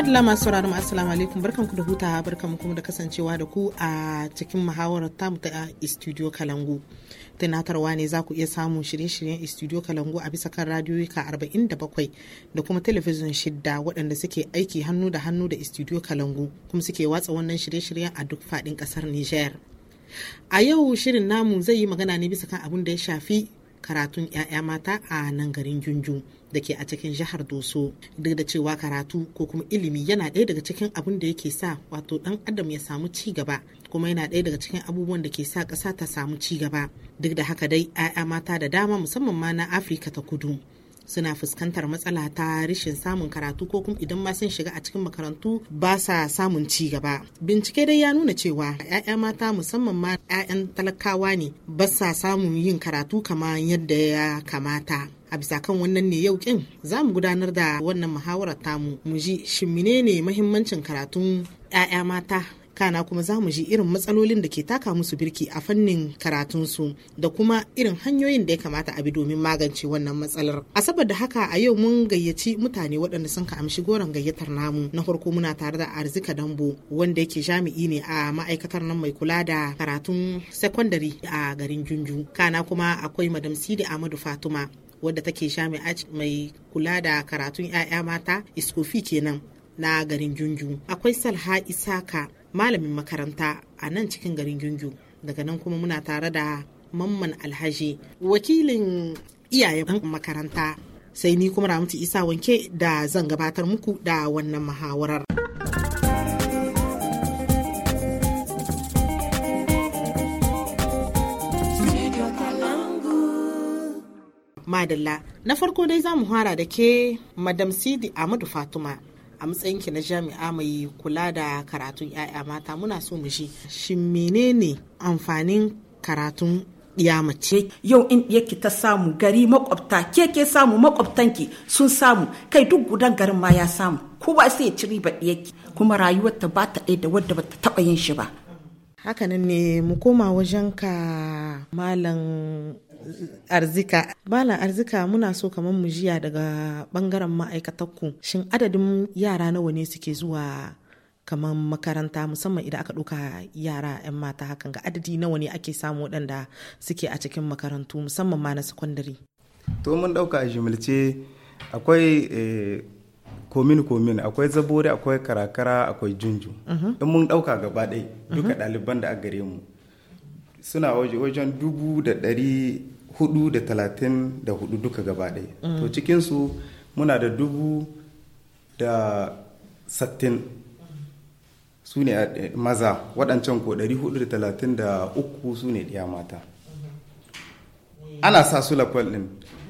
madalla masu ma assalamu alaikum barkan ku da hutawa barkan kuma da kasancewa da ku a cikin muhawarar tamu ta studio kalangu tunatarwa ne za ku iya samun shirye-shiryen studio kalangu a bisa kan radiyoyika 47 da kuma talabijin shidda waɗanda suke aiki hannu da hannu da studio kalangu kuma suke watsa wannan shirye-shiryen a duk faɗin ƙasar niger a yau shirin namu zai yi magana ne bisa kan abin da ya shafi karatun 'ya'ya mata a nan garin Junjun da ke a cikin jihar Doso duk da cewa karatu ko kuma ilimi yana ɗaya daga cikin abin da yake sa wato ɗan adam ya samu ci gaba kuma yana ɗaya daga cikin abubuwan da ke sa ƙasa ta samu ci gaba duk da haka dai 'ya'ya mata da dama musamman ma na Afirka ta kudu suna fuskantar matsala ta rashin samun karatu ko kuma idan ma sun shiga a cikin makarantu ba sa samun ci gaba bincike dai ya nuna cewa 'ya'ya mata musamman ma 'ya'yan talakawa ne ba sa samun yin karatu kamar yadda ya kamata a bisa kan wannan ne yau kin za mu gudanar da wannan muhawarar tamu mu ji shin menene mahimmancin karatun 'ya'ya mata kana kuma za mu ji irin matsalolin da ke taka musu birki a fannin karatunsu da kuma irin hanyoyin da ya kamata a bi domin magance wannan matsalar a saboda haka a yau mun gayyaci mutane waɗanda sun ka amshi goron gayyatar namu na farko muna tare da arzika dambo wanda yake jami'i ne a ma'aikatar nan mai kula da karatun sekondari a garin junju kana kuma akwai madam sidi amadu fatuma wadda take jami'a mai kula da karatun 'ya'ya mata iskofi kenan na garin junju akwai salha isaka malamin makaranta a nan cikin garin Gyungyu. Daga nan kuma muna tare da Mamman Alhaji, wakilin iyayen makaranta. Sai ni kuma Ramatu Isa wanke da zan gabatar muku da wannan muhawarar. Madalla, na farko dai za mu fara da ke Madam Sidi amadu fatima. a matsayin ki na jami'a mai kula da karatun 'ya'ya mata muna so mu shi shin menene amfanin karatun ya mace yau in ɗiyarki ta samu gari makwabta ke ke samu makwabtanki sun samu kai duk gudan garin ma ya samu kowa sai ya ci riba ɗiyarki kuma rayuwar ta ba ta ɗaya da wadda ba ta taɓa yin shi ba hakanan ne mu koma wajen ka malam arzika Bala arzika muna so kamar mu jiya daga bangaren ma'aikatarku shin adadin yara nawa ne suke zuwa kamar makaranta musamman idan aka ɗauka yara 'yan mata hakan ga adadi nawa ne ake samu waɗanda suke a cikin makarantu musamman ma na sakandare to mun ɗauka a jimilce akwai eh, komin komin akwai zabore akwai karakara akwai junju in mhm. mun ɗauka gaba ɗai duka mhm. ɗaliban da a gare mu suna waje wajen dubu da ɗari hudu da talatin da hudu duka gaba ɗaya to mm. cikinsu muna da dubu da sattin su ne eh, maza waɗancan ko ɗari hudu da talatin da uku su ne ɗiya mata mm-hmm. ana sa su lakwal ɗin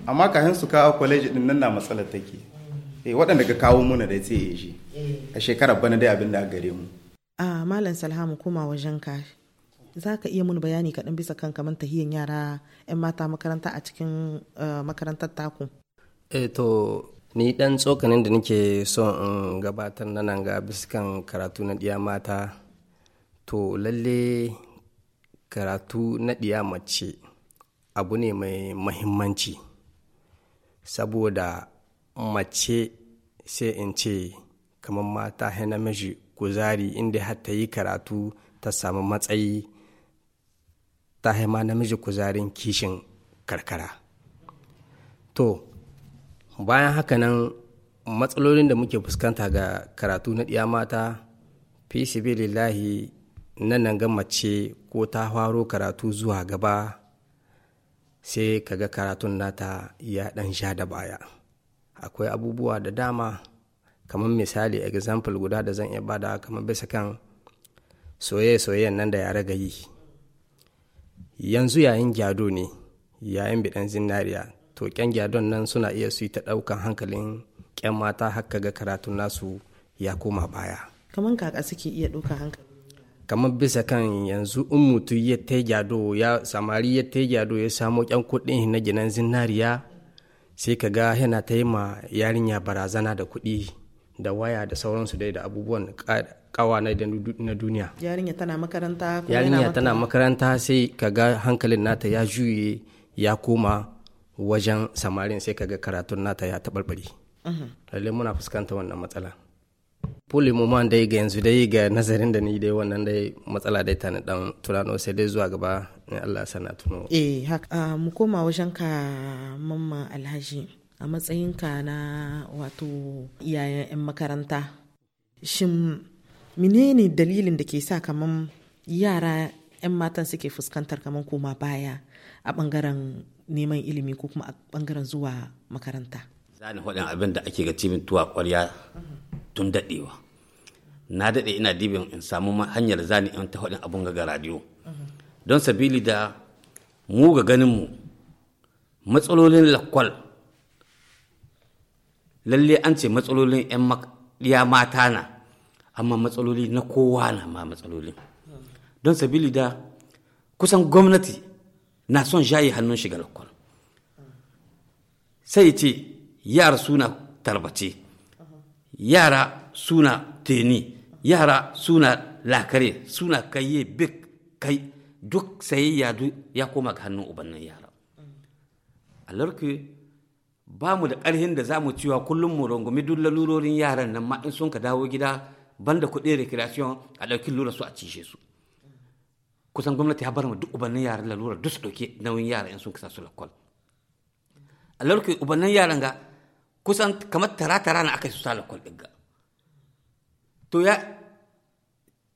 amma kayan su kawo kwaleji ɗin nan na matsalar take mm. eh waɗanda ka kawo muna da sai ya shi eh. a shekarar bana dai abin da gare mu a ah, malam salhamu kuma wajen ka za ka iya mun bayani kaɗan bisa kan kamar tahiyan yara 'yan mata makaranta a cikin eh, makarantar taku eh to ni dan tsokanin da nake so in gabatar na nan ga biskan karatu na ɗiya mata to lalle karatu na ɗiya mace abu ne mai mahimmanci saboda mace sai in ce kamar mata namiji kuzari inda har ta yi karatu ta samu matsayi ta haima namiji kuzarin kishin karkara to bayan haka nan matsalolin da muke fuskanta ga karatu na ɗiya mata fi lillahi nan nan ga mace ko ta faro karatu zuwa gaba sai ka ga karatun nata ya ɗan sha da baya akwai abubuwa da dama kamar misali example guda da zan iya bada kamar bisa kan soye-soyen nan da yare yi yanzu yayin gyado ne yayin bidan zinariya to kyan gyadon nan suna iya su ta ɗaukan hankalin kyan mata haka ga karatun nasu ya koma baya kamar kaka suke iya dauka hankali kamar bisa kan yanzu in mutu ya ta gyado ya samari ya ta gyado ya samo kyan kuɗin na ginan zinariya sai ka ga yana ta yi ma yarinya barazana da kuɗi da waya da sauransu dai da abubuwan kawa na duniya yarinya tana makaranta yarinya tana makaranta sai kaga hankalin nata ya juye ya koma wajen samarin sai kaga karatun nata ya taɓarɓare mhm. lalle muna fuskanta wannan matsala pole mu dai ga yanzu dai ga nazarin da ni dai wannan dai matsala dai tana dan tunano sai dai zuwa gaba in Allah sana tuno eh haka ah, mu koma wajen ka mamma alhaji a matsayinka na wato iyayen makaranta shin menene dalilin da ke sa kamar yara 'yan matan suke fuskantar kaman koma baya a bangaren neman ilimi ko kuma a bangaren zuwa makaranta za ni abin da ake ga cibin tuwa kwarya tun daɗewa na dade ina dibin in samu hanyar zani in ta hudun abin ga radio don sabili da mu ga mu matsalolin lakwal lalle an ce matsalolin 'yan mata na amma matsaloli na kowa na ma matsaloli don sabili da kusan gwamnati na son shayi hannun shiga lakwal sai ce yara suna tarbace yara suna teni yara suna lakare suna kayye bik kai duk sayayya ya koma ga hannun ubannin yara alarki ba mu da ƙarhin da za mu cewa kullum mu rungumi duk lalurorin yaran nan ma in sun ka dawo gida banda kuɗin recreation a ɗauki lura su a cishe su kusan gwamnati ya bar mu duk ubannin yaran lalura duk su ɗauki nauyin yara in sun kasa su lakwal a lalurki ubannin yaran ga kusan kamar tara-tara na aka su sa lakwal ɗin ga to ya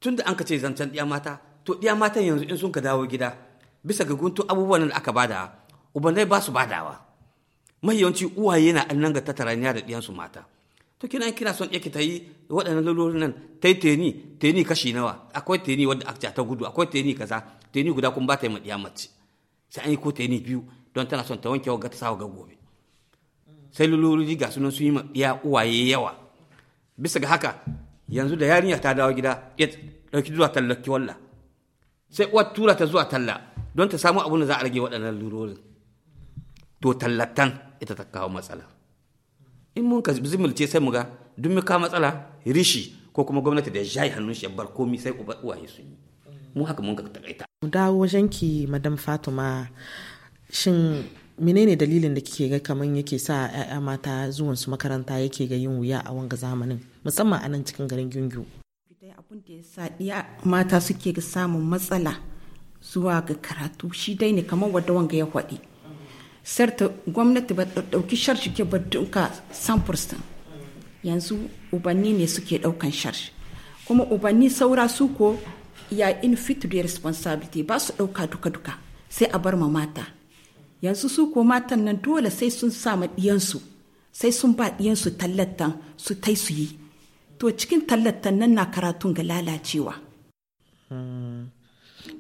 tun da an ka ce zancen ɗiya mata to ɗiya mata yanzu in sun ka dawo gida bisa ga guntun abubuwan da aka bada ubannai ba su badawa mahiyanci uwaye na annan ga tataraniya da ɗiyansu mata to kina kina son yake tayi wadannan waɗannan nan ta teni teni kashi nawa akwai teni wadda akta ta gudu akwai teni kaza teni guda kuma ba ta yi maɗiya mace sai an yi ko teni biyu don tana son ta wanke wa ta sawa ga gobe sai lalurori ga sunan sun yi ya uwaye yawa bisa ga haka yanzu da yarinya ta dawo gida ya dauki zuwa tallaki walla sai uwar tura ta zuwa talla don ta samu abin da za a rage waɗannan lalurorin to tallatan ita ta kawo matsala in mun ka zimilce sai mu ga duk mu ka matsala rishi ko kuma gwamnati da ya hannun shi ya bar komi sai uwaye sun yi mu haka mun ka takaita mu dawo wajen ki madam Fatima shin menene dalilin da kike ga kaman yake sa 'ya'ya mata zuwan su makaranta yake ga yin wuya a wanga zamanin musamman a nan cikin garin Gyungyu abun da ya sa ɗiya mata suke ga samun matsala zuwa ga karatu shi dai ne kamar wanda wanga ya faɗi sarta gwamnati ba ɗauki sharshi ke ba duka samfurstin yanzu ubanni ne suke ɗaukan sharshi kuma ubanni saura su ko ya in fit the responsibility ba su ɗauka duka-duka sai a bar ma mata yanzu su ko matan nan dole sai sun sa ma ɗiyansu sai sun ba ɗiyansu tallatan su tai su yi to cikin tallatan nan na karatun ga lalacewa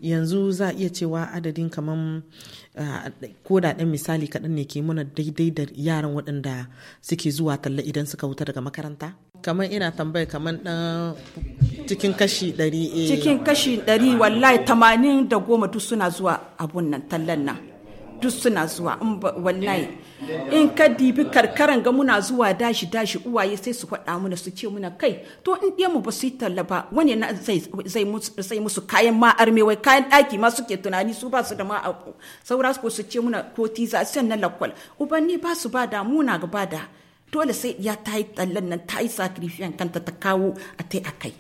yanzu za a iya cewa adadin kamar ah, ko da ɗan misali kaɗan ne ke muna daidai da yaran waɗanda suke zuwa talla idan suka wuta daga makaranta kamar ina tambaya kamar ɗan cikin kashi ɗari eh. cikin kashi ɗari wallahi tamanin da goma duk suna zuwa abun nan tallan nan duk suna zuwa wallahi in ka dibi karkaran ga muna zuwa dashi dashi uwaye sai su faɗa muna su ce muna kai to in ɗiyan mu ba su yi talla ba wani na zai musu kayan ma arme wai kayan ɗaki ma suke tunani su ba su da ma abu saura ko su ce muna ko tiza sai na lakwal ubanni ba su bada da muna ga bada dole sai ya ta yi tallan nan ta yi sacrifice kanta ta kawo a tai a kai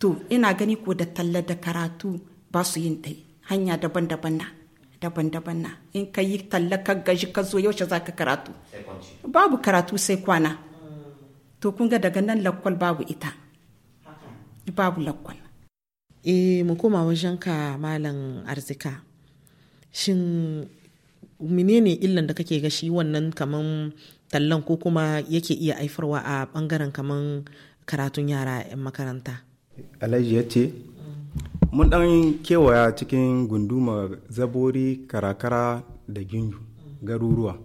to ina gani ko da talla da karatu ba su yin ɗai hanya daban-daban na daban-daban na in ka yi talla ka gaji ka zo yaushe za ka karatu babu karatu sai kwana to kun ga daga nan lakwal babu ita babu lakwal e mu koma wajen ka malam arzika shin menene illan da kake ga shi wannan kaman tallan ko kuma yake iya aifarwa a bangaren kaman karatun yara 'yan makaranta alhaji ya ce mun dan kewaya cikin gundumar zabori karakara da ginyu garuruwa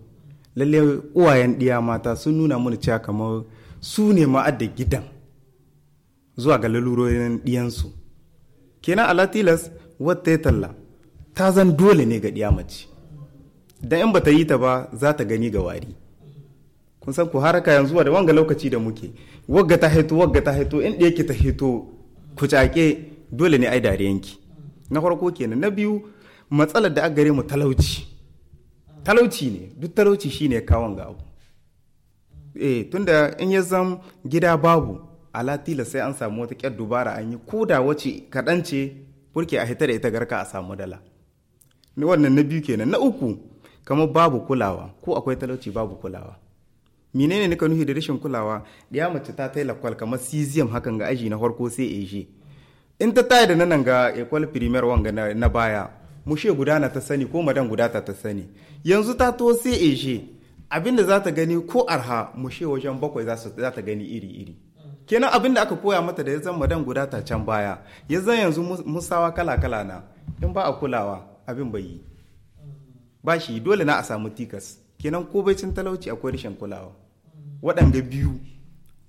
lalle uwayen ɗiya mata sun nuna mana cewa kamar su ne ma'adda gidan zuwa ga lalurorin ɗiyansu kenan alatilas wata ya talla ta zan dole ne ga ɗiya mace don in bata yi ta ba za ta gani ga wari kun san ku haraka yanzu da wanga lokaci da muke wagga ta hito wagga ta hito in ɗaya ki ta hito ku cake dole ne ai dariyanki na farko kenan na biyu matsalar da aka gare mu talauci talauci ne duk talauci shine kawon ga abu eh tunda in ya zam gida babu a latila sai an samu wata kyar dubara an yi koda wace kaɗan ce burke a hita da ita garka a samu dala wannan na biyu kenan na uku kamar babu kulawa ko akwai talauci babu kulawa menene ka nufi da rashin kulawa ya mace ta taila kwal kamar cesium hakan ga aji na farko sai eje in ta taya da nan ga ekwal primaire wanga na baya mushe gudana ta sani ko madan gudata ta sani yanzu ta to sai eje abinda za ta gani ko arha mushe wajen bakwai za ta gani iri iri kenan da aka koya mata da ya zan madan gudata can baya ya zan yanzu musawa kala kala na in ba a kulawa abin bai yi ba shi dole na a samu tikas kenan ko cin talauci akwai rashin kulawa waɗanda biyu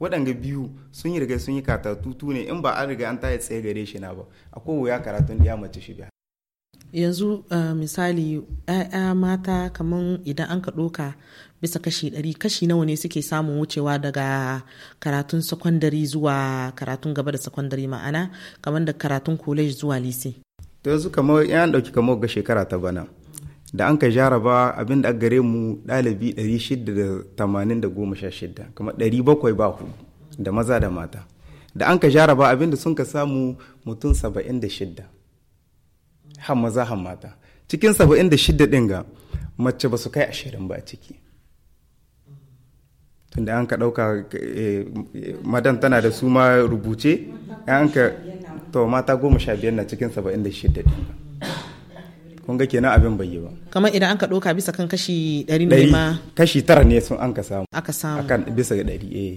waɗanga biyu sun yi riga sun yi katatutu ne in ba an riga an taya tsaye gare shi na ba akwai wuya karatun ya mace shi biya yanzu eh, misali 'ya'ya mata kamar idan an ka ɗoka bisa kashi ɗari kashi nawa ne suke samun wucewa daga karatun sakwandare zuwa karatun gaba da sakwandare ma'ana kamar da karatun college zuwa lise to yanzu kamar yan ɗauki kamar ga shekara ta bana da an ka jaraba abin da gare mu ɗalibi 686 kuma 700 ba hudu da maza da mata da an ka jaraba abin da sun ka samu mutum 76 han maza han mata cikin 76 ɗin ga mace ba su kai 20 ba a ciki tunda an ka ɗauka eh, madan tana da su ma rubuce an ka to mata goma sha biyar na cikin 76 ɗin ga kun ga kenan abin bai yi ba kamar idan an ka ɗauka bisa kan kashi ɗari ne ma kashi tara ne sun an ka samu aka samu akan bisa ga ɗari eh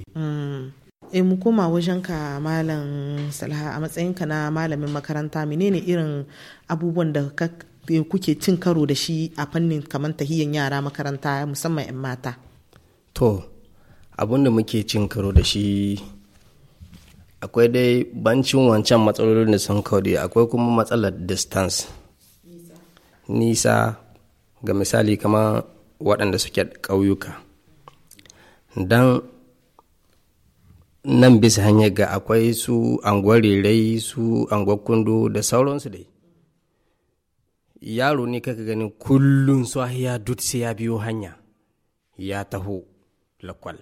e mu koma wajen ka malam salha a matsayin ka na malamin makaranta menene irin abubuwan da eh, kuke cin karo da shi a fannin kamar tahiyan yara makaranta musamman 'yan mata to abin da muke cin karo da shi akwai dai bancin wancan matsalolin da sun kawo akwai kuma matsalar distance nisa ga misali kama waɗanda suke ƙauyuka don nan bisa hanyar ga akwai su anguwar su anguwar kundo da sauransu dai yaro ne kaka ganin kullum sahiya duk sai ya biyo hanya ya taho lakwal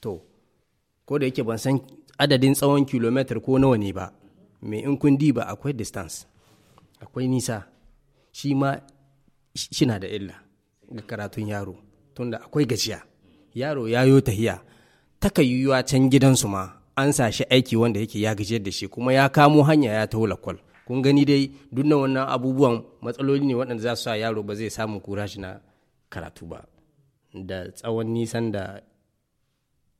to ko da yake ban san adadin tsawon kilomitar ko nawa ne ba mai in kun ba akwai distance akwai nisa shi ma shina da illa ga karatun yaro tunda akwai gajiya yaro ya yo tahiya taka yiwuwa can gidansu ma an sa shi aiki wanda yake ya gajiyar da shi kuma ya kamo hanya ya taula kwal kun gani dai duk na wannan abubuwan matsaloli ne waɗanda za su sa yaro ba zai samu kura shi na karatu ba da tsawon nisan da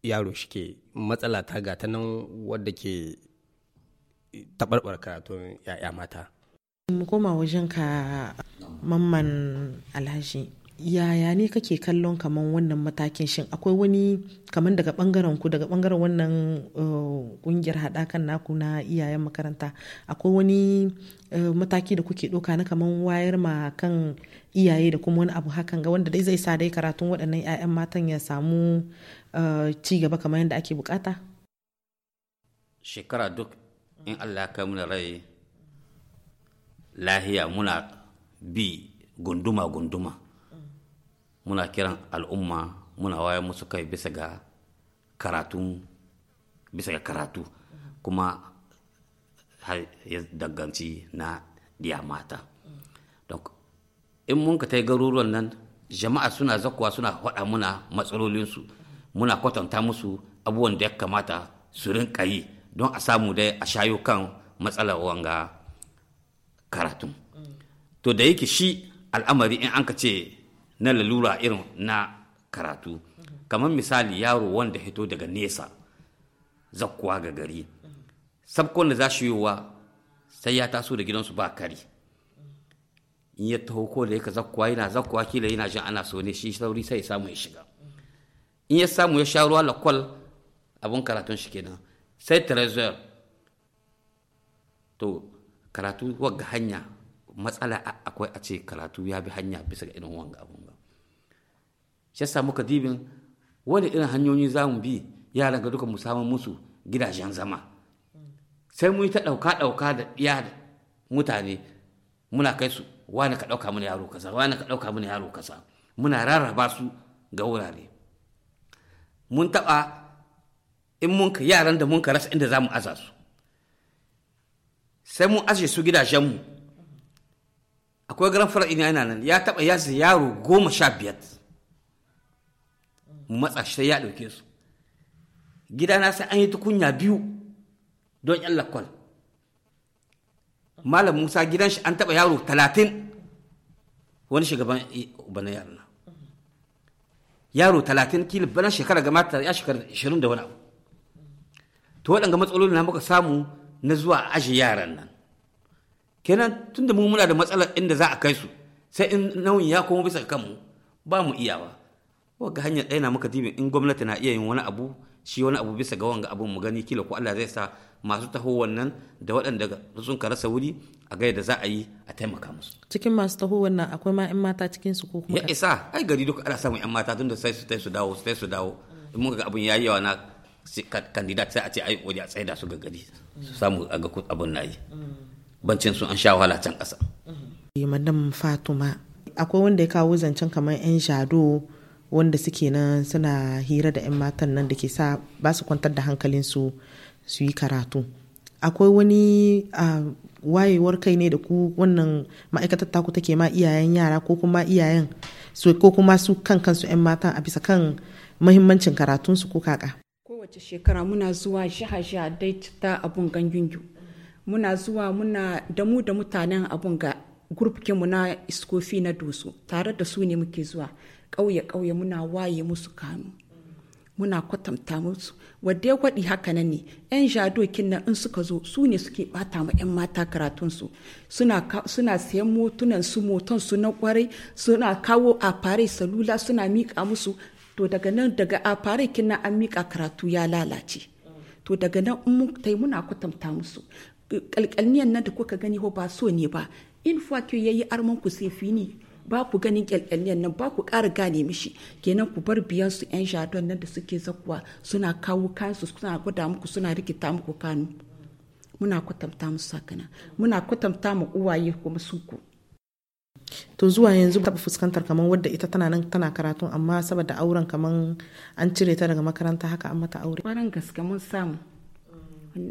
yaro shi ke matsala ta ga ta nan wadda ke taɓarɓar karatun 'ya'ya mata mu koma wajen ka mamman alhaji yaya ne kake kallon kaman wannan matakin shin akwai wani kaman daga bangaren ku daga bangaren wannan kungiyar eh, hadakan naku na iyayen makaranta akwai wani eh, mataki da kuke ɗauka na kaman wayar ma kan iyaye da kuma wani abu hakan ga wanda dai zai sa dai karatun waɗannan 'ya'yan matan ya samu eh, ci gaba kamar yadda ake bukata shekara duk in allah ya kai rai lahiya muna bi gunduma-gunduma muna kiran al'umma muna waye musu kai bisa ga karatu bisa ga karatu kuma ya danganci na diya mata in mun ka ta garuruwan nan jama'a suna zakuwa suna faɗa muna matsalolinsu muna kwatanta musu abubuwan da ya kamata su rinka yi don a samu dai a shayo kan matsalar wanga karatu to da yake shi al'amari in an ka ce na lalura irin na karatu kamar misali yaro wanda hito daga nesa zakkuwa ga gari sabkon da za shi yiwuwa sai ya taso da gidansu ba kari in ya taho ko da yaka zakkuwa yana zakkuwa kila yana jin ana so ne shi sauri sai ya samu ya shiga in ya samu ya sha ruwa lakwal abun karatun shi kenan sai trezor to karatu wagga hanya matsala akwai a ce karatu ya bi hanya bisa ga irin wanga abun ba shi yasa muka dibin wani irin hanyoyi za mu bi yaran ga duka mu samu musu gidajen zama sai mu yi ta ɗauka ɗauka da iya da mutane muna kai su wani ka dauka mana yaro kaza wani ka ɗauka mana yaro kaza muna rarraba su ga wurare mun taɓa in mun ka yaran da mun ka rasa inda za mu aza su sai mun ajiye su gidajenmu akwai garan fara ina yana nan ya taɓa ya yaro goma sha biyar matsa sai ya ɗauke su gidana sai an yi tukunya biyu don yan lakwal malam musa gidan shi an taɓa yaro talatin wani shugaban bana yaro na yaro talatin kila bana shekara gama ya shekara ashirin da wani abu to waɗanga matsaloli na muka samu na zuwa ashe yaran nan kenan tunda mu muna da matsalar inda za a kai su sai in nauyin ya komo bisa kanmu ba mu iyawa ga hanyar ɗaya na muka dibin in gwamnati na iya yin wani abu shi wani abu bisa ga wanga abun mu gani kila ko Allah zai sa masu taho wannan da waɗanda sun ka rasa wuri a ga yadda za a yi a taimaka musu cikin masu taho wannan akwai ma ƴan mata cikin su ko kuma ya isa ai gari duka ana samun ƴan mata tunda sai su su dawo sai su dawo in muka ga abun yayi yawa na kandidat sai a ce ai waje a tsaida su gari su samu a ga abin yi bancin sun an sha wahala can ƙasa. Eh, madam fatuma akwai wanda ya kawo zancen kamar 'yan jado wanda suke nan suna hira da 'yan matan nan da ke sa ba su kwantar da hankalin su su yi karatu akwai wani wayewar kai ne da ku wannan ma'aikatar taku take ma iyayen yara ko kuma iyayen ko kuma su kan kansu 'yan matan a bisa kan mahimmancin karatunsu ko kaka kowace shekara muna zuwa jiha-jiha dai ta abun muna zuwa muna da mu da mutanen abun ga mu na iskofi na doso tare da su ne muke zuwa ƙauye-ƙauye muna waye musu kanu muna kwatanta musu wadda ya kwaɗi haka nan ne 'yan jadokin nan in suka zo su ne suke bata ma 'yan mata karatunsu suna sayan motunan su motonsu na kwarai suna kawo a fare salula suna miƙa musu to daga nan daga a fara na an mika karatu ya lalace to daga nan in ta tai muna kwatanta musu kalkalniyan nan da kuka gani ho ba so ne ba in fa ke yayi arman ku sai fini ba ku ganin kyalkyalniyan nan ba ku ƙara gane mishi kenan ku bar biyan su yan jadon nan da suke zakuwa suna kawo kansu suna gwada muku suna rikita muku kanu muna kwatanta musu sakana muna kwatanta mu uwaye kuma ku. to zuwa yanzu taɓa fuskantar kamar wadda ita tana nan tana karatu amma saboda auren kamar an cire ta daga makaranta haka an mata aure ƙwarin gaske mun samu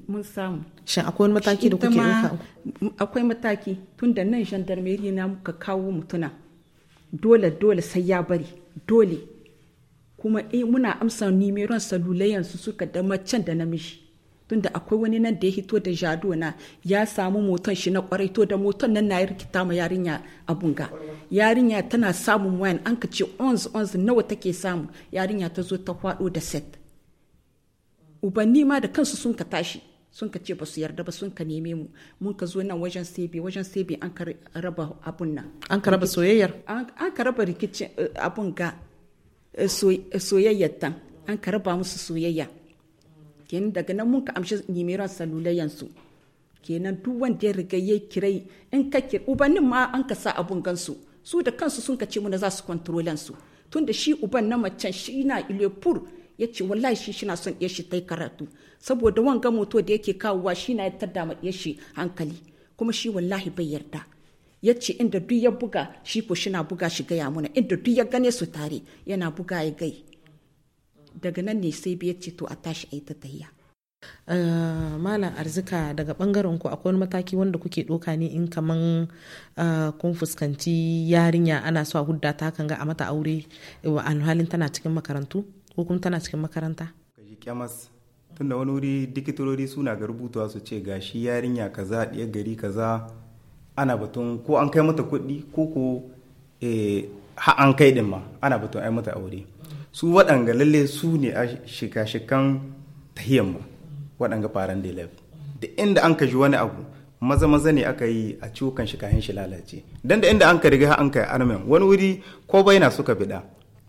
mun samu shin akwai mataki da kuke ɗauka akwai mataki tun da nan gendarmerie na muka kawo mutuna dole dole sai ya bari dole kuma eh muna amsa nimeron salulai yanzu suka da macen da namiji tunda akwai wani nan da ya hito da jado na ya samu motan shi na kwarai to da motan nan na ya rikita ma yarinya abun ga yarinya tana samun wayan an ka ce ons ons nawa take samu yarinya ta zo ta kwado da set ubanni ma da kansu sun ka tashi sun ka ce ba su yarda ba sun ka neme mu mun ka zo nan wajen sebe wajen sebe an ka raba abun nan an ka raba soyayyar an ka raba rikicin eh, abun ga eh, soyayyar tan an ka raba musu soyayya kenan daga nan mun ka amshi nimiran salulayen su kenan duk wanda ya riga ya kira in ka kira ubannin ma an ka sa abun gansu su da kansu sun ka ce muna za su kwantrolan su tunda shi uban na macen shi na ilefur ya ce wallahi shi shina son ya shi tai karatu saboda wanga moto da yake kawowa shi na ya tada ma shi hankali kuma shi wallahi bai yarda ya ce inda duk ya buga shi ko shina buga shi gaya mana inda duk ya gane su tare yana buga ya gai daga nan ne sai biyar ce to a tashi a yi ta tahiya ah, malam arzika daga bangaren ku akwai wani mataki wanda kuke doka ne in kaman ah, kun fuskanci yarinya ana so a hudda ta kan ga a mata aure alhalin tana cikin makarantu ko kuma tana cikin makaranta kaji kyamas tunda wani wuri dikitorori suna ga rubutuwa su ce gashi yarinya kaza ɗiyar gari kaza ana batun ko an kai mata kuɗi ko ko eh, ha an kai din ma ana batun ai mata aure su waɗanga lalle su ne a shika-shikan tahiyan tahiyamma waɗanga faran da lafi da inda an ka wani abu maza maza ne aka yi a ciwukan shi shi lalace dan da inda an ka riga an ka armen wani wuri ko na suka biɗa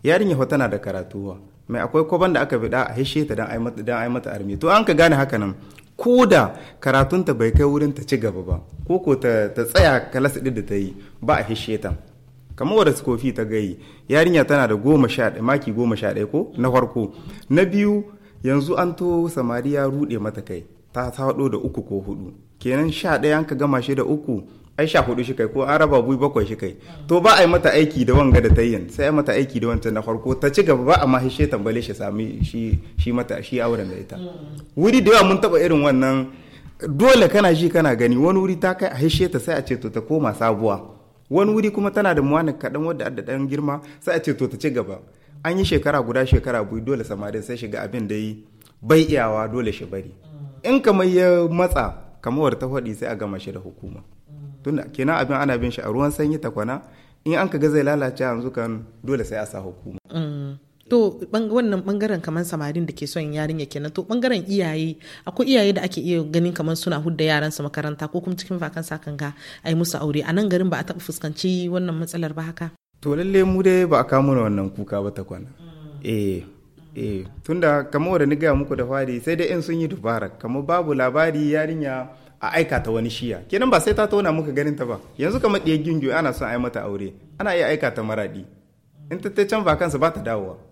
yarinya fa tana da karatuwa mai akwai ko da aka biɗa a hishe ta dan ai mata dan mata armi to an ka gane haka nan ko da karatunta bai kai wurin ta ci gaba ba ko ko ta, tsaya kalas ɗin da ta yi ba a hishe ta kamar wadda kofi ta gayi yarinya tana da goma sha ɗaya maki goma sha ɗaya ko na farko na biyu yanzu an to samari ya ruɗe mata kai ta haɗo da uku ko hudu kenan sha ɗaya an ka gama shi da uku ai sha hudu shi kai ko an raba bui bakwai shi kai to ba a yi mata aiki da wanga da tayyan sai a mata aiki da wancan na farko ta ci gaba ba a ma hishe tambale shi sami shi shi mata shi auren da ita wuri da yawa mun taba irin wannan dole kana ji kana gani wani wuri ta kai a hishe ta sai a ce to ta koma sabuwa wani wuri kuma tana da muwanin kaɗan wadda da ɗan girma sai a ce to ta ci gaba an yi shekara guda shekara biyu dole samarin sai shiga abin da yi bai iyawa dole shi bari in kamar ya matsa kamar ta faɗi sai a gama shi da hukuma tunda kenan abin ana bin shi a ruwan sanyi takwana in an ka ga zai lalace yanzu kan dole sai a sa hukuma mm. to wannan bangaren kamar samarin da ke son yarinya kenan to bangaren iyaye akwai iyaye da ake iya ganin kamar suna hudda yaransu makaranta ko kuma cikin fakan sakan ga ai musu aure a nan garin ba a taɓa fuskanci wannan matsalar ba haka to lalle mu dai ba a kama wannan kuka ba ta kwana eh eh tunda kamar wanda ni gaya muku da fari sai dai in sun yi dubara kamar babu labari yarinya a aika ta wani shiya kenan ba sai ta tona muka ganin ta ba yanzu kamar ɗiyar gingiyo ana son a yi mata aure ana iya aika ta maraɗi in ta can kansa ba ta dawowa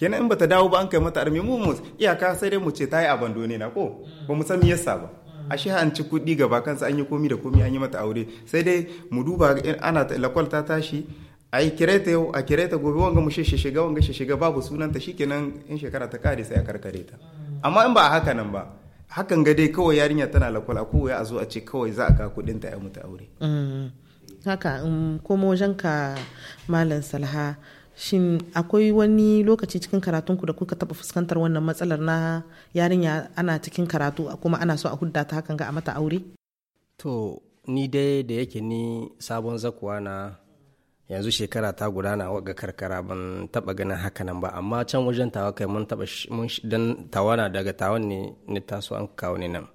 kenan in bata dawo ba an kai mata armi mumus iyaka sai dai mu ce ta yi abandone na ko ba mu san me yasa ba ashe an ci kuɗi gaba kansa an yi komi da komi an yi mata aure sai dai mu duba ana lakwal ta tashi a yi kireta yau a kireta gobe wanga mu shi shiga wanga shi shiga babu sunanta shikenan in shekara ta kare sai a karkare ta amma in ba haka nan ba hakan ga dai kawai yarinya tana lakwal a kowai a zo a ce kawai za a ka kuɗin ta ya mata aure mm. haka in komo wajen ka malam salha shin akwai wani lokaci cikin karatunku da kuka taba fuskantar wannan matsalar na yarinya ana cikin karatu kuma ana so a hudda ta hakan ga a mata aure to ni dai da yake ni sabon zakuwa na yanzu shekara ta gudana ga karkara ban taba ganin hakanan ba amma can wajen tawa kai mun taba mun dan tawana daga tawan ne ni taso an kawo ni nan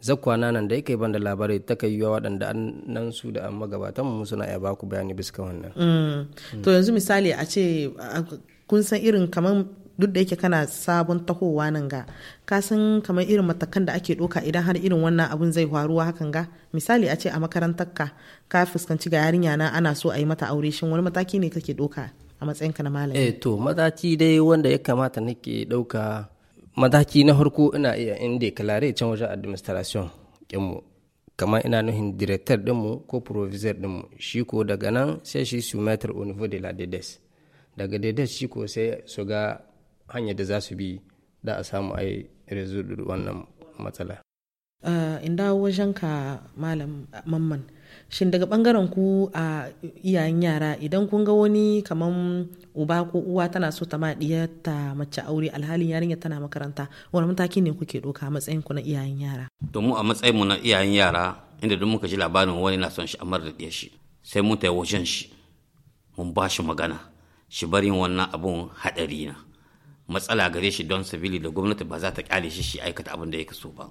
zakwana nan da yake ban da labarai ta kai yiwa waɗanda nan su da amma gabatan mu suna iya baku bayani bisa wannan. Mm. to yanzu misali a ce kun san irin kamar duk da yake kana sabon tahowa nan ga ka san kamar irin matakan da ake ɗoka idan har irin wannan abun zai faruwa hakan ga misali a ce a makarantar ka ka fuskanci ga yarinya na ana so a yi mata aure shin wani mataki ne kake ɗoka a matsayinka na malami. eh to mataki dai wanda ya kamata nake ɗauka mataki na harko ina iya in kalare can wajen administration kinmu kamar ina nuhin director dinmu ko provisor dinmu shi ko daga nan sai shi su metar au niveau de la dedes daga dedes shi ko sai su ga hanyar da za su bi da a samu a yi wannan matsala ah, in dawo wajen ka malam mamman shin daga bangaren ku a iyayen yara idan kun ga wani kamar uba ko uwa tana so ta maɗiya ta mace aure alhalin yarinya tana makaranta wani mataki ne kuke doka a matsayin ku na iyayen yara domin a matsayin mu na iyayen yara inda duk muka ji labarin wani na son shi amar da ɗaya shi sai mun ta wajen shi mun ba shi magana shi bari wannan abun haɗari na matsala gare shi don sabili da gwamnati ba za ta kyale shi shi aikata abin da yake so ba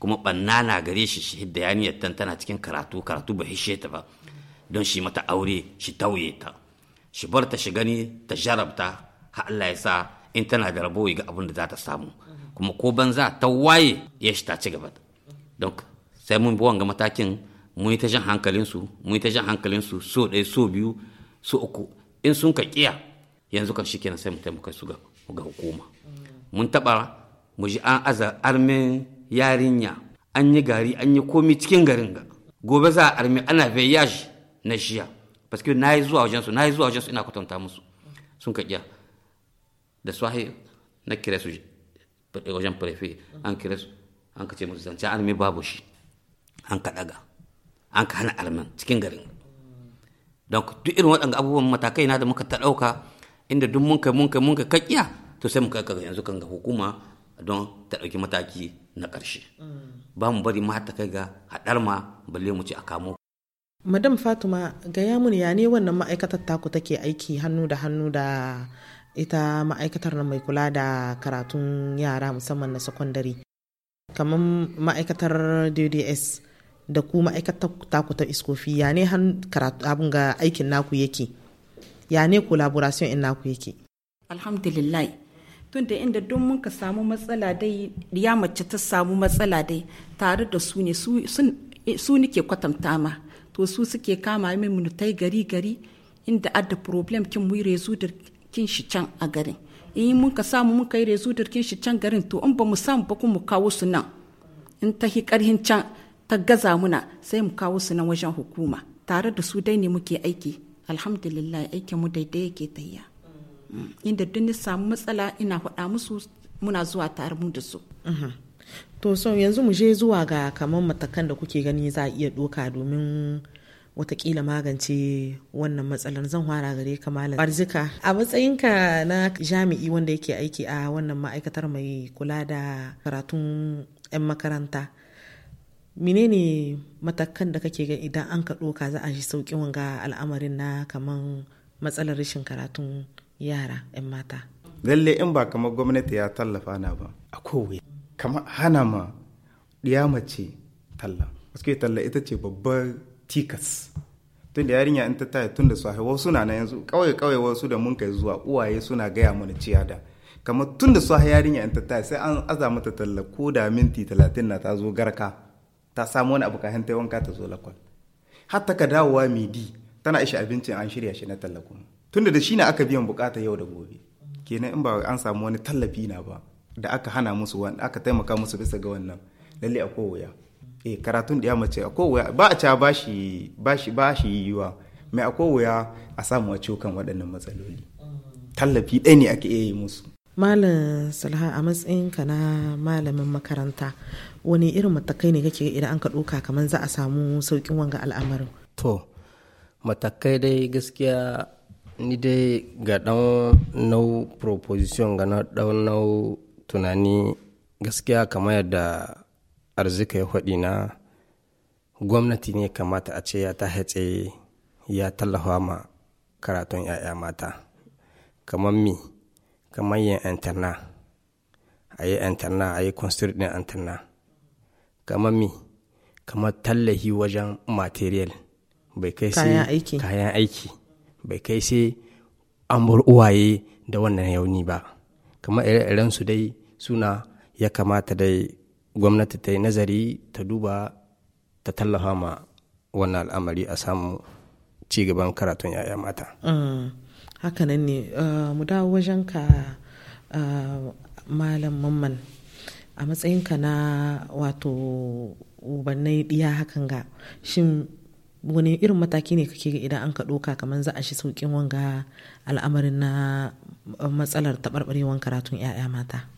kuma banna na gare shi shi da yaniyar tan tana cikin karatu karatu ba hishe ta ba don shi mata aure shi tauye ta shi bar ta shi gani ta jarabta ha Allah ya sa in tana da rabo ga abin da za ta samu kuma ko banza ta waye ya shi ta ci gaba don sai mun buwan ga matakin mun yi ta jan hankalinsu mun yi ta jan hankalinsu so ɗaya so biyu so uku in sun ka kiya yanzu kan shi kenan sai mu taimaka su ga hukuma mun taɓa mu ji an azar armin yarinya an yi gari an yi komi cikin garin ga gobe za a armi ana voyage na jiya paske na yi zuwa wajensu na yi zuwa wajensu ina kwatanta musu sun ka iya da swahi na kira su eh, wajen prefe an kira su an ka ce musu zance armi babu shi an ka daga an ka hana armin cikin garin don duk irin waɗanda abubuwan matakai na da muka ta ɗauka inda duk mun kai mun kai mun kai kakiya to sai mu kai yanzu kan ga hukuma don ta ɗauki mataki na ƙarshe ba mu bari mata kai ga haɗar ma balle mu ce a kamo madam fatima gaya mun ya ne wannan ma'aikatar taku take aiki hannu da hannu da ita ma'aikatar na mai kula da karatun yara musamman na sakwandare. kamar ma'aikatar dds da ku ma'aikatar taku ta iskofi ya ne abin ga aikin naku yake ya ne collaboration in naku yake alhamdulillah tunda inda duk mun ka samu matsala dai ya mace ta samu matsala dai tare da su ne su nike kwatanta ma to su suke kama min minutai gari gari inda adda problem kin mu rezu da kin shi can a garin in mun ka samu mun kai rezu da kin shi can garin to in ba mu samu ba ku mu kawo su nan in ta hi karhin can ta gaza muna sai mu kawo su nan wajen hukuma tare da su dai ne muke aiki alhamdulillah aikin mu daidai yake tayya inda duk ni samu matsala ina faɗa musu muna zuwa tare mu da su mhm. to so yanzu mu je zuwa ga kamar matakan da kuke gani za a iya doka domin watakila magance wannan matsalar zan fara gare ka malam arzika a matsayinka na jami'i wanda yake aiki a wannan ma'aikatar mai kula da karatun 'yan makaranta menene matakan da kake gan idan an ka ɗoka za a shi sauƙin wanga al'amarin na kamar matsalar rashin karatun yara 'yan mata lalle in ba kamar gwamnati ya tallafa na ba a kowai Kama hana ma ɗiya mace talla suke talla ita ce babbar tikas tun da yarinya in ta taya tun da su haihuwa suna na yanzu kawai kawai wasu da mun kai zuwa uwaye suna gaya mana ciya da Kama tun da su yarinya in ta taya sai an aza mata talla ko da minti talatin na ta zo garka ta samu wani abu kafin ta wanka ta zo lakwal har ta ka dawowa midi tana ishe abincin an shirya shi na talla kuma tunda da shi ne aka biyan bukata yau da gobe kenan in ba an samu wani tallafi na ba da aka hana musu wani aka taimaka musu bisa ga wannan lalle a kowaya eh karatun da ya mace a kowaya ba a ca bashi bashi bashi yiwa mai a kowaya a samu a cokan waɗannan matsaloli tallafi ɗaya ne ake iya yi musu malam salha a matsayinka na malamin makaranta wani irin matakai ne kake idan an ka ɗauka kamar za a samu sauƙin wanga al'amarin to matakai dai gaskiya ni dai ga ɗan nau proposition ga na ɗan nau tunani gaskiya kamar yadda arzika ya faɗi na gwamnati ne kamata a ce ya ta hatse ya tallafa ma karatun 'ya'ya mata kamar mi kamar yin interna a yi interna a yi construct ɗin interna kamar mi kamar tallahi wajen material bai kai sai kayan aiki bai kai sai an bar uwaye da wannan yauni ba kamar ire-iren su dai suna ya kamata dai gwamnati ta yi nazari ta duba ta tallafa ma wannan al'amari a samu cigaban karatun yaya mata ah, hakanan ne ah, mu dawo wajen ka ah, malam mamman a matsayinka na wato ubannai ɗiya hakan ga shin wani irin mataki ne kake idan an ka ɗoka kamar za a shi sauƙin wanga al'amarin na uh, matsalar taɓarɓarewar karatun 'ya'ya mata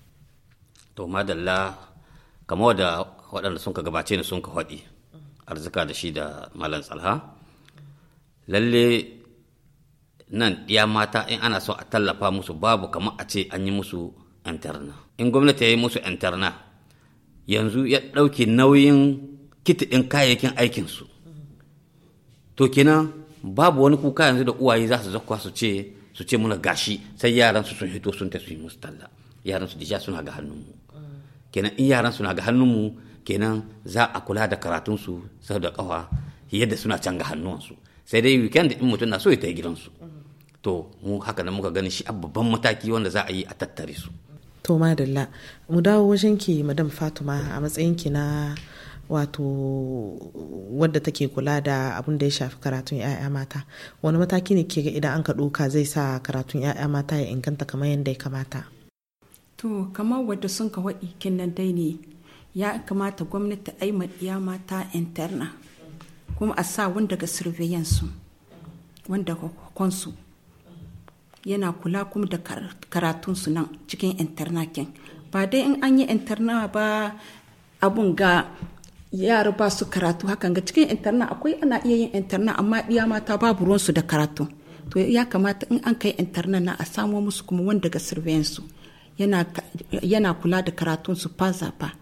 to madalla kamar da waɗanda sun ka gabace ni sun ka haɗi arzika da shi da malam tsalha lalle nan ya mata in ana so a tallafa musu babu kamar a ce an yi musu interna in gwamnati ya yi musu interna yanzu ya ɗauki nauyin kitiɗin kayayyakin aikinsu to kenan babu wani kuka yanzu da uwaye za su zakwa su ce su ce muna gashi sai yaran su sun hito sun ta su yi musu talla yaran su dija suna ga hannun mu kenan in yaran suna ga hannun mu kenan za a kula da karatun su sau da kawa yadda suna can ga su sai dai weekend in mutum na so ya ta gidansu to mu haka nan muka gani shi a babban mataki wanda za a yi a tattare su to madalla mu dawo wajen ki madam fatuma a matsayin ki na wato wadda take kula da abin da ya shafi karatun 'ya'ya mata wani mataki ne ke ga idan an ka ɗoka zai sa karatun 'ya'ya mata ya inganta kamar yadda ya kamata to kamar wadda sun ka waɗi kinnan dai ne ya kamata gwamnati ai ya mata interna kuma a sa wanda ga surveillance wanda ga yana kula kuma da karatunsu nan cikin internakin ba dai in an yi interna ba abun ga yara ba su karatu hakan ga cikin internet akwai ana iya yin internet amma iya mata babu ruwansu da karatu to ya kamata in an kai internet na a samo musu kuma wanda ga surveillance yana yana kula da karatun su faza fa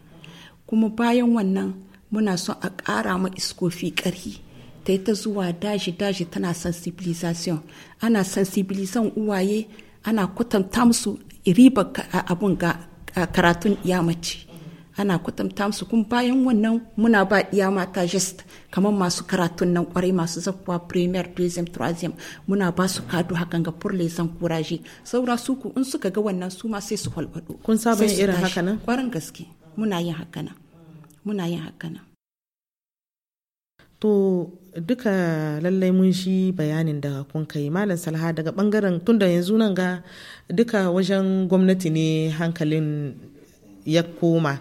kuma bayan wannan muna so a ƙara ma iskofi ƙarfi ta ta zuwa daji daji tana sensibilisation ana sensibilizan uwaye ana kwatanta musu riba abun ga karatun ya mace ana kwatanta musu kun bayan wannan muna ba iya mata gest kamar masu karatun nan kwarai masu zakuwa premier deuxième troisième muna ba su kado hakan ga pour les encourager saura su ku in suka ga wannan su ma sai su kwalbado kun saba yin irin haka nan kwarin gaske muna yin haka nan muna yin haka nan to duka lallai mun shi bayanin da kun kai malam salha daga bangaren tunda yanzu nan ga duka wajen gwamnati ne hankalin ya koma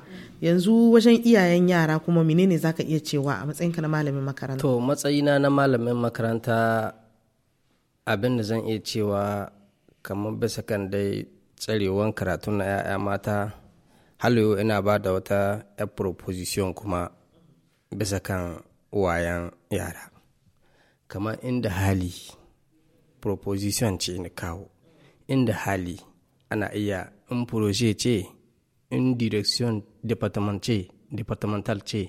yanzu wajen iyayen yara kuma menene zaka iya cewa a matsayinka na malamin makaranta to matsayina na malamin makaranta abin da zan iya cewa kamar bisa kan dai tsarewan karatu na 'ya'ya mata halayo ina ba da wata a proposition kuma bisa kan wayan yara kamar inda hali proposition ce na kawo inda hali ana iya in proje ce in direction departamental departamental ce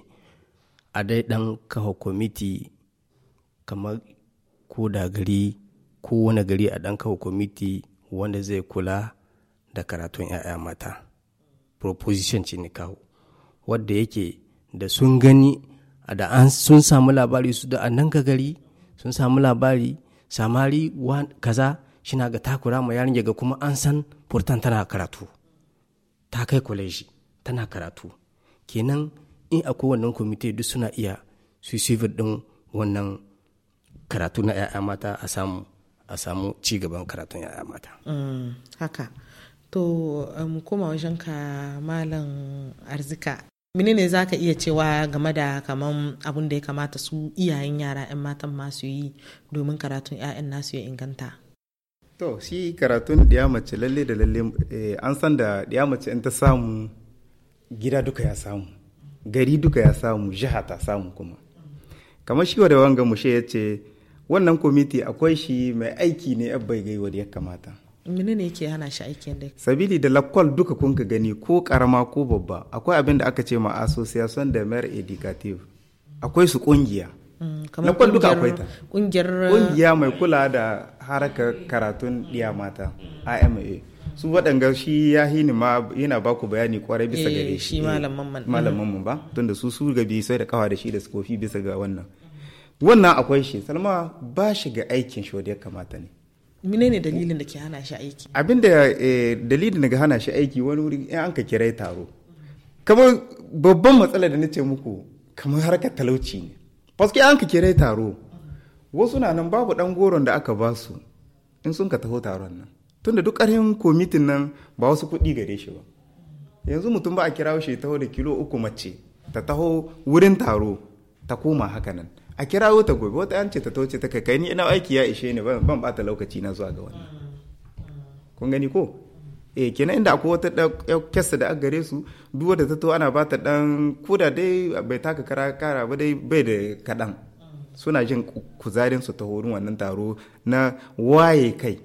a dai ɗan kawo kwamiti kamar ko da gari ko wani gari a ɗan kawo kwamiti wanda zai kula da karatun 'ya'ya mata proposition ce ni kawo wadda yake da sun gani a da an sun samu labari su da nan ga gari sun samu labari samari kaza shina ga takura ma yarinya ga kuma an san furtan tana karatu ta kai kwaleji tana karatu kenan in akwai wannan kwamite duk suna iya su din wannan karatu na 'ya'ya mata a samu a samu ci karatun 'ya'ya mata mm, haka to mu um, koma wajen ka malam arzika ne za ka iya cewa game da kaman abin da ya kamata su iyayen yara 'yan matan masu yi domin karatun 'ya'yan nasu ya inganta to shi karatun diya mace lalle da lalle eh, an san da diya mace in ta samu gida duka ya samu gari duka ya samu jiha ta samu kuma kamar shi da wanga mushe ya ce wannan kwamiti akwai shi mai aiki ne yan bai gai da ya kamata mini ne ke hana shi aiki da sabili da lakwal duka kun ka gani ko karama ko babba akwai abin da aka ce ma association de mer educative akwai su kungiya mm, lakwal duka akwai ta kungiya mai kula da haraka karatun diya mata ama su waɗanga shi ya hini ma yana ba ku bayani kwarai bisa gare eh, shi eh, malamin mu ba tunda su su gabi sai da kawa da shi da kofi bisa ga wannan wannan akwai shi salma ba shi ga aikin shi wadda ya kamata ne mine ne dalilin da ke hana shi aiki abin da eh, dalilin da hana shi aiki wani wuri in an ka kirai taro kamar babban matsalar da nace muku kamar harkar talauci ne paske an ka kirai taro wasu na nan babu dan goron da aka ba su in sun ka taho taron nan tun da duk ƙarfin komitin nan ba wasu kuɗi gare shi ba yanzu mutum ba a kira shi taho da kilo uku mace ta taho wurin taro ta koma haka nan a kirawo ta gobe wata yance ta tauce ta kai ni ina aiki ya ishe ni ban bata lokaci na zuwa ga wannan kun gani ko e kenan inda akwai wata kyasta da aka gare su duk wanda ta to ana bata dan koda dai bai taka kara kara ba dai bai da kadan suna jin kuzarin su ta horin wannan taro na waye kai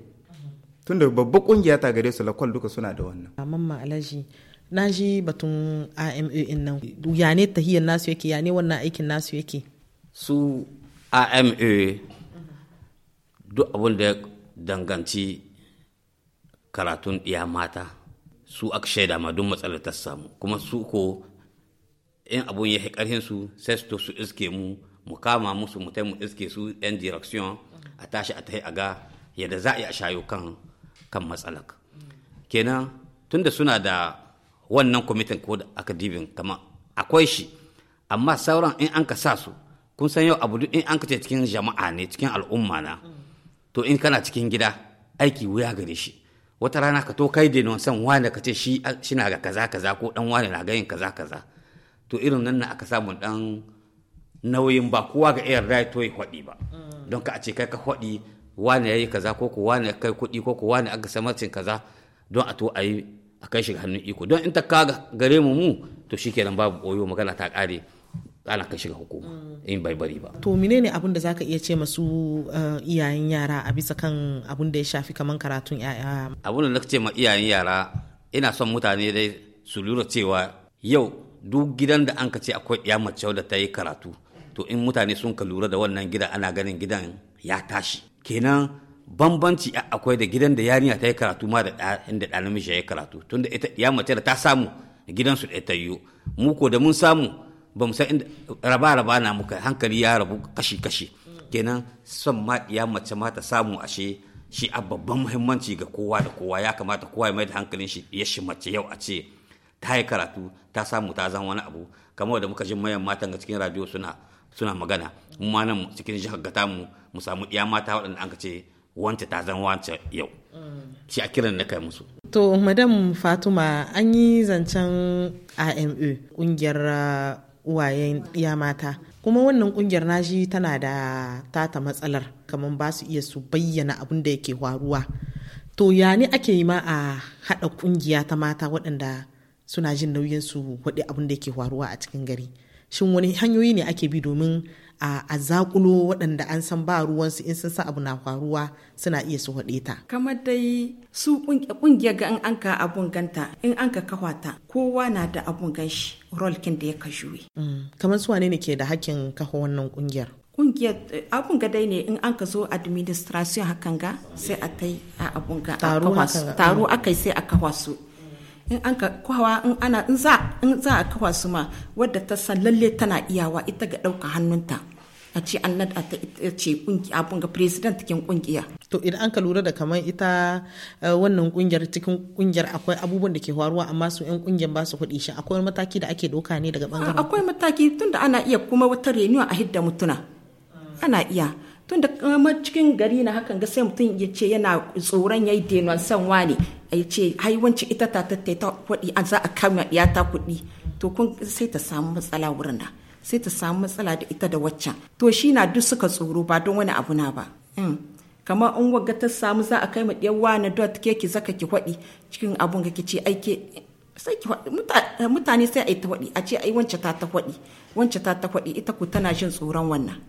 tunda babba kungiya ta gare su lakwal duka suna da wannan mamma alaji na ji batun AMA nan ya ne tahiyar nasu yake ya ne wannan aikin nasu yake su AMA duk abin da ya danganci karatun ɗiya mata su aka shaida ma duk matsalar ta samu kuma su ko in abun ya karhin su sai su to su iske mu mu kama musu mu mu iske su yan direction a tashi a tahi a ga yadda za a yi a shayo kan kan matsalar kenan tunda suna da wannan kwamitin ko da akadibin kama akwai shi amma sauran in an ka sa su kun san yau abu in an ka ce cikin jama'a ne cikin al'umma na to in kana cikin gida aiki wuya gare shi wata rana ka to kai da san wane ka ce shi shina ga kaza kaza ko dan wane na ga yin kaza kaza to irin nan na aka samu dan nauyin ba kowa ga iya rai to ya ba don ka a ce kai ka haɗi. wane ya yi kaza ko ko wane kai kuɗi ko ko wane aka samarcin kaza don a to a yi a kai shiga hannun iko don in ta kaga gare mu mu to shikenan babu koyo magana ta ƙare ana kai shiga hukuma in bai bari ba. To menene abin da zaka iya ce masu eh, iyayen yara a bisa kan abin da ya shafi kaman karatun yaya? Abin da na ce ma iyayen yara ina son mutane dai su lura cewa yau duk gidan da an ka ce akwai ya mace da ta yi karatu to in mutane sun ka lura da wannan gidan ana ganin gidan ya tashi kenan bambanci akwai da gidan da yarinya ta yi karatu ma da inda da namiji ya yi karatu tunda ita ya mace da ta samu gidansu da ta yiwu mu ko da mun samu ba mu san inda raba raba na muka hankali ya rabu kashi kashi kenan son ma ya mace ma ta samu ashe shi a babban muhimmanci ga kowa da kowa ya kamata kowa ya mai da hankalin shi ya shi mace yau a ce ta yi karatu ta samu ta zama wani abu kamar da muka ji mayan matan ga cikin radio suna suna magana mu ma nan cikin jihar gata mu mu samu iya mata waɗanda an ce wance ta zan wance yau shi a kiran na kai musu to madam fatuma an yi zancen ame ƙungiyar uh, uwayen iya mata kuma wannan ƙungiyar shi tana da tata matsalar kamar ba su iya su bayyana abin da yake faruwa to ya ne ake yi ma a haɗa ƙungiya ta mata waɗanda suna jin nauyin su waɗe abin da yake faruwa a cikin gari shin wani hanyoyi ne ake bi domin a zakulo waɗanda an san ba ruwansu in sun san abu na faruwa suna iya su haɗe ta. Kamar dai su ƙungiyar ga in an ka abun ganta in an ka kawata kowa na da abun ganshi rolkin da ya ka juye. Mm. Kamar su wane ne ke da hakkin kafa wannan ƙungiyar? Ƙungiyar eh, abun ga dai ne in an ka zo administration hakan ga sai a kai a abun ga taro akai sai a kafa su. in an ka kwawa in ana in za in za a kawa su ma wadda ta san lalle tana iyawa ita ga ɗauka hannunta a ce an nada ta ce abun ga president cikin kungiya to idan an ka lura da kamar ita eh, wannan kungiyar cikin kungiyar akwai abubuwan da ke faruwa amma su yan kungiyar ba su kuɗi shi akwai mataki da ake doka ne daga bangaren akwai mataki tunda ana iya kuma wata reunion a hidda mutuna ana iya tun da cikin gari na hakan ga sai mutum ya ce yana tsoron ya yi denon san wani ya ce haiwanci ita ta tattai ta kuɗi an za a kama ya ta kuɗi to kun sai ta samu matsala wurin na sai ta samu matsala da ita da waccan to shi na duk suka tsoro ba don wani abu na ba mm. kamar in waga ta samu za a kai ma ɗiyar wani dot ke ki zaka ki kwaɗi cikin abun ga ki ce aike sai ki mutane sai a yi ta kwaɗi a ce ai wance ta ta kwaɗi wance ta ta kwaɗi ita ku tana jin tsoron wannan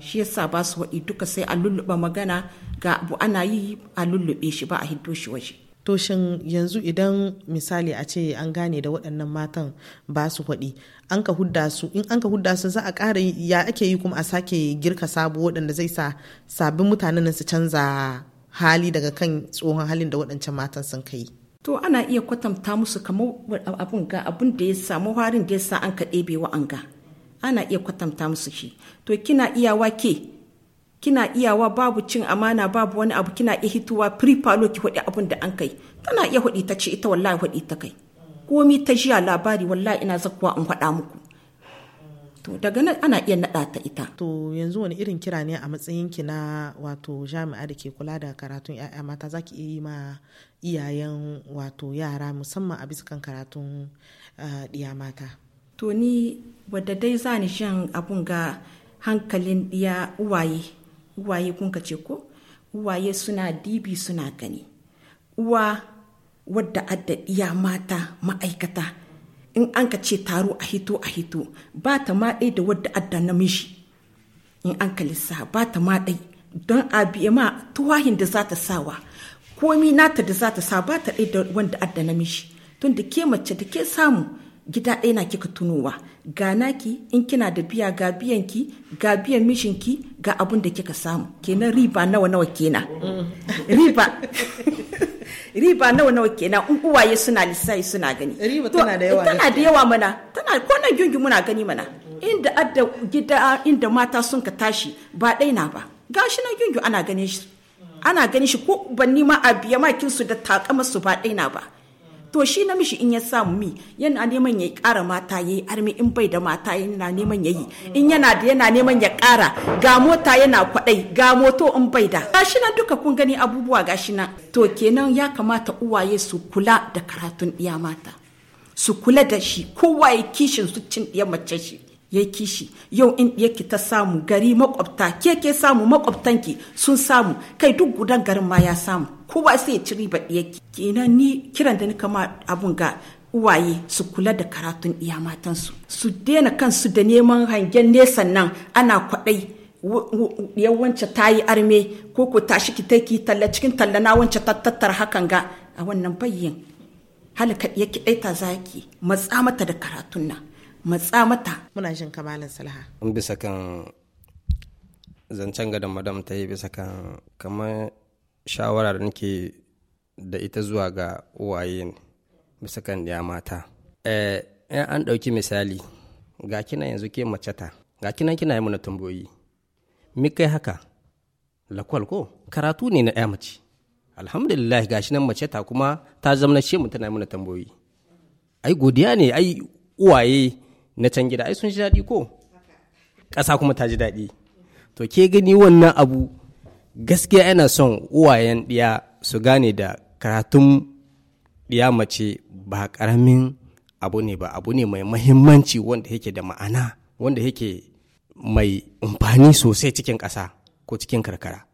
shi yasa ba su waɗi duka sai a lulluɓa magana ga abu ana yi a lullube shi ba a hiddo shi waje to shin yanzu idan misali a ce an gane da waɗannan matan ba su haɗi an ka hudda su in an ka hudda su za a ƙara ya ake yi kuma a sake girka sabo waɗanda zai sa sabbin mutanen su canza hali daga kan tsohon halin da waɗancan matan sun kai to ana iya kwatanta musu kamar abun ga abun da ya samu harin da ya sa an ka ɗebe wa an ga ana iya kwatanta musu shi to kina iyawa ke kina iyawa babu cin amana babu wani abu kina iya hituwa firifalo ki hudi abun da an kai tana iya hudi ta ce ita wallahi hudi ta kai komi ta jiya labari wallahi ina zakuwa in faɗa muku to daga nan ana iya naɗa ta ita to yanzu wani irin kira ne a matsayin ki na wato jami'a da ke kula da karatun ya'ya mata zaki iya yi ma iyayen wato yara musamman a bisa kan karatun ah, ɗiya mata to ni wadda dai za ni shan abun ga hankalin ɗiya uwaye uwaye kun ka ce ko uwaye suna dibi suna gani uwa wadda adda ɗiya mata ma'aikata in an ka ce taro a hito a hito ba ta ma da wadda adda namiji in an ka lissa ba ta ma don a biya ma tuwahin da za ta sawa komi nata da za ta sa ba ta ɗai da wanda adda namiji tun da ke mace da ke samu gida ɗaya na kika tunowa ga naki in kina da biya ga biyanki ga biyan mishinki ga abun da kika samu kenan riba nawa nawa kenan mm. riba riba nawa nawa kenan in uwaye suna lissafi suna gani riba tana da yawa tana da yawa mana tana ko nan gungun muna gani mana inda adda gida inda mata sun ka tashi ba ɗaya na ba gashi na gungun ana ganin shi ana ganin shi ko ban nima a biya makin su da takamar su ba ɗaya na ba to shi namiji in ya samu mi yana neman ya kara mata yayi armi in bai da mata yana neman yayi in yana da yana neman ya kara ga mota yana kwadai ga moto in bai da gashi nan duka kun gani abubuwa gashi nan to kenan ya kamata uwaye su kula da karatun iya mata su kula da shi kowa ya kishin su cin iya mace shi ya kishi yau in ki ta samu gari makwabta ke ke samu makwabtanki sun samu kai duk gudan garin ma ya samu ba sai ya ci riba ɗiyarki kenan ni kiran da ni kama abun ga uwaye su kula da karatun iya matansu su daina kansu da neman hangen nesa nan ana kwaɗai yawanci ta yi arme ko ko tashi ki ta ki talla cikin talla na wance tattattar hakan ga a wannan bayyan halaka yake ɗaita zaki matsa mata da karatun nan matsa mata muna jin kamalin salha bisa kan zancen gadon madam ta yi bisa kan kamar shawara da nake da ita zuwa ga uwaye bisa kan ya mata eh an ɗauki misali ga kina yanzu ke mace ta ga kina kina yi mana tamboyi mi kai haka lakwal ko karatu ne na ya mace alhamdulillah shi nan mace ta kuma ta zama na mu tana mana tamboyi ai godiya ne ai uwaye na can gida ai sun ji daɗi ko ƙasa kuma ta ji daɗi to ke gani wannan abu gaskiya yana son uwayen ɗiya su gane da karatun ɗiya mace ba ƙaramin abu ne ba abu ne mai mahimmanci wanda yake da ma'ana wanda yake mai amfani sosai cikin ƙasa ko cikin karkara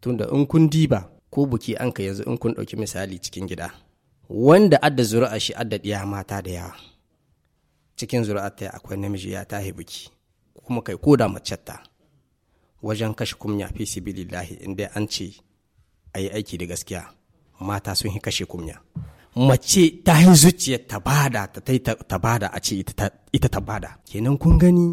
tunda in kun diba ko buki an ka yanzu in kun ɗauki misali cikin gida wanda adda zuri'a shi adda ɗiya mata da yawa cikin ta akwai namiji ya tahi biki kuma kai ko da mace ta wajen kashe kumya fi sibilillahi inda an ce a yi aiki da gaskiya mata sun yi kashe kumya mace ta yi zuciyar ta bada ta ta bada a ce ita ta bada kenan kun gani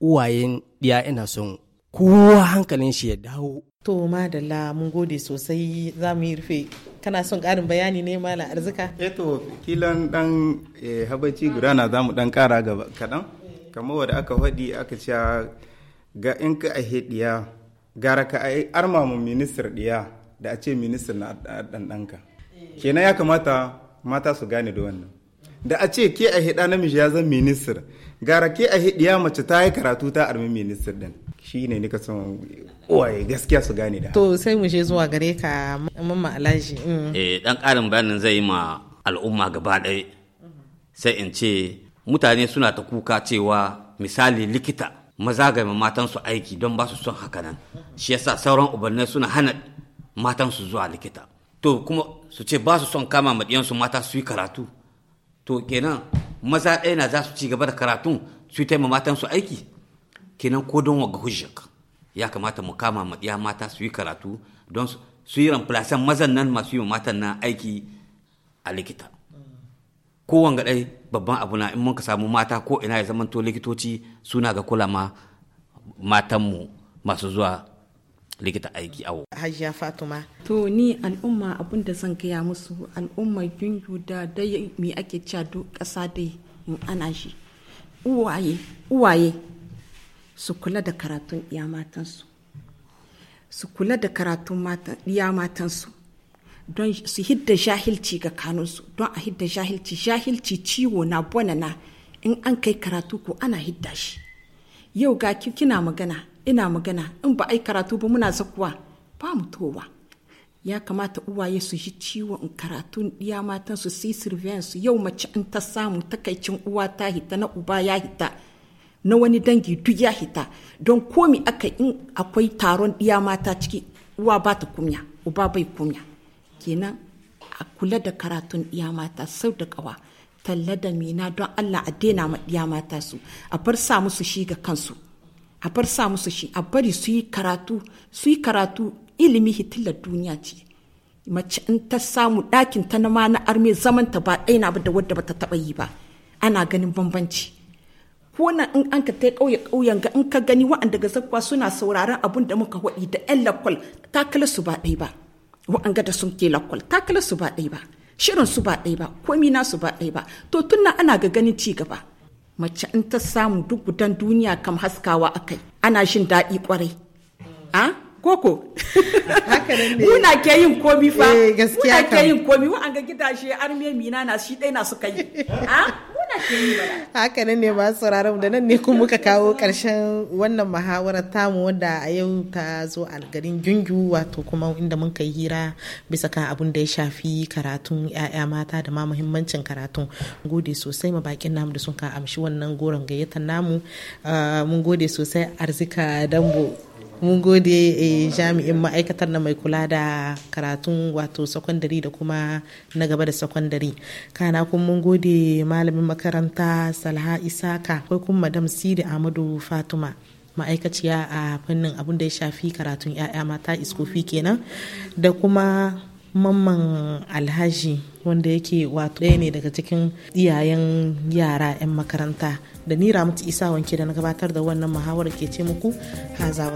uwayen diya ina son kowa hankalin shi ya dawo to madalla mun gode sosai za mu yi rufe kana son ƙarin bayani ne malam arzika eh to kilan dan eh, habaci gudana za mu dan ƙara gaba kaɗan kamar wadda aka faɗi aka ce ga in ka a hediya gara ka a arma mu ministar diya da a ce ministar na ɗanɗanka kenan ya kamata mata su gane da wannan da a ce ke a hida namiji ya zan ministar gara ke a hediya mace ta yi karatu ta armi ministar din shi ne nika son uwaye gaskiya su gane da to sai mu je zuwa gare ka mamma alhaji mm. eh dan karin bayanin zai yi ma al'umma gaba ɗaya sai in ce mutane suna ta kuka cewa misali likita maza ga matan su aiki don ba su son haka nan shi yasa sauran ubanni suna hana matan su zuwa likita to kuma su ce ba su son kama su mata su yi karatu to kenan maza ɗaya na za su ci gaba da karatun su yi taimama matan su aiki kenan ko don waga hujjak ya kamata mu kama ma ɗiya mata su yi karatu don su yi ramfilasan mazan nan masu yi matan nan aiki a likita ko wanga ɗai babban abu na in mun ka samu mata ko ina ya to likitoci suna ga kula ma matanmu masu zuwa likita aiki awo. Hajiya Fatuma. To ni al'umma abun da zan gaya musu al'umma yunyu da dai mi ake cewa duk ƙasa dai in ana shi. Uwaye, uwaye su kula da karatun iya matansu su kula da karatun iya matansu don su hidda jahilci ga kanunsu don a hidda jahilci jahilci ciwo na bona na in an kai karatu ko ana hidda shi yau ga kina magana ina magana in ba ai karatu ba muna zakuwa ba mu towa ya kamata uwaye su ji ciwon in karatu ya matansu su si surveillance yau mace in ta samu takaicin uwa ta hita na uba ya hita na wani dangi duk ya hita don komi aka in akwai taron ɗiya mata ciki uwa ba ta kumya uba bai kumya kenan a kula da karatun ɗiya mata sau da ƙawa talla da mina don allah a daina ma ɗiya mata su a bar sa musu shi ga kansu a bar sa musu shi a bari su yi karatu su yi karatu ilimi hitilar duniya ce mace in ta samu ɗakin ta na ma na arme zaman ba ɗaina ba da wadda ba ta taɓa yi ba ana ganin bambanci ko in an ka tai ƙauye ƙauyen ga in ka gani wa'anda ga zakwa suna sauraron abun da muka waɗi da ƴan lakwal takala su ba ɗai ba wa'anga da sun ke lakwal takala su ba ɗai ba shirin su ba ɗai ba komi na su ba ɗai ba to tunna ana ga ganin ci gaba mace in ta samu duk gudan duniya kam haskawa akai ana jin daɗi kwarai a koko muna ke yin komi fa eh, muna ke yin komi wa'anga gidashe armiya mina na shi ɗai na suka yi haka nan ne ba sauraron da nan ne kuma muka kawo karshen wannan muhawarar tamu wadda a yau ta zo a garin gyungyu wato kuma inda mun kai hira bisa kan abun da ya shafi karatun 'ya'ya mata da ma muhimmancin karatun gode sosai ma bakin namu da sun ka amshi wannan goron gayyatar namu ah, mun gode sosai arzika dambo mun gode eh, jami'in ma'aikatar na mai kula da karatun wato sakwandari da kuma na gaba da sakwandari kana kun mun gode malamin makaranta salha isaka akwai kuma madam sidi amadu fatima ma'aikaciya a fannin abin da ya shafi karatun 'ya'ya mata iskofi kenan da kuma mamman alhaji wanda yake wato ɗaya ne daga cikin iyayen yara 'yan makaranta da ni ramatu isa wanke da na gabatar da wannan muhawar ke ce muku haza